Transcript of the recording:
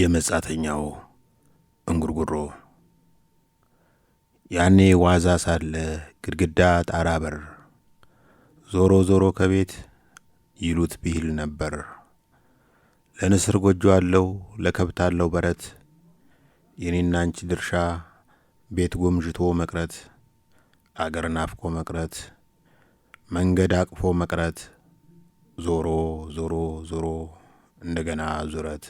የመጻተኛው እንጉርጉሮ ያኔ ዋዛ ሳለ ግድግዳ ጣራ በር ዞሮ ዞሮ ከቤት ይሉት ብሂል ነበር። ለንስር ጎጆ አለው ለከብት አለው በረት የኔና አንቺ ድርሻ ቤት ጎምዥቶ መቅረት አገር ናፍቆ መቅረት መንገድ አቅፎ መቅረት ዞሮ ዞሮ ዞሮ እንደገና ዙረት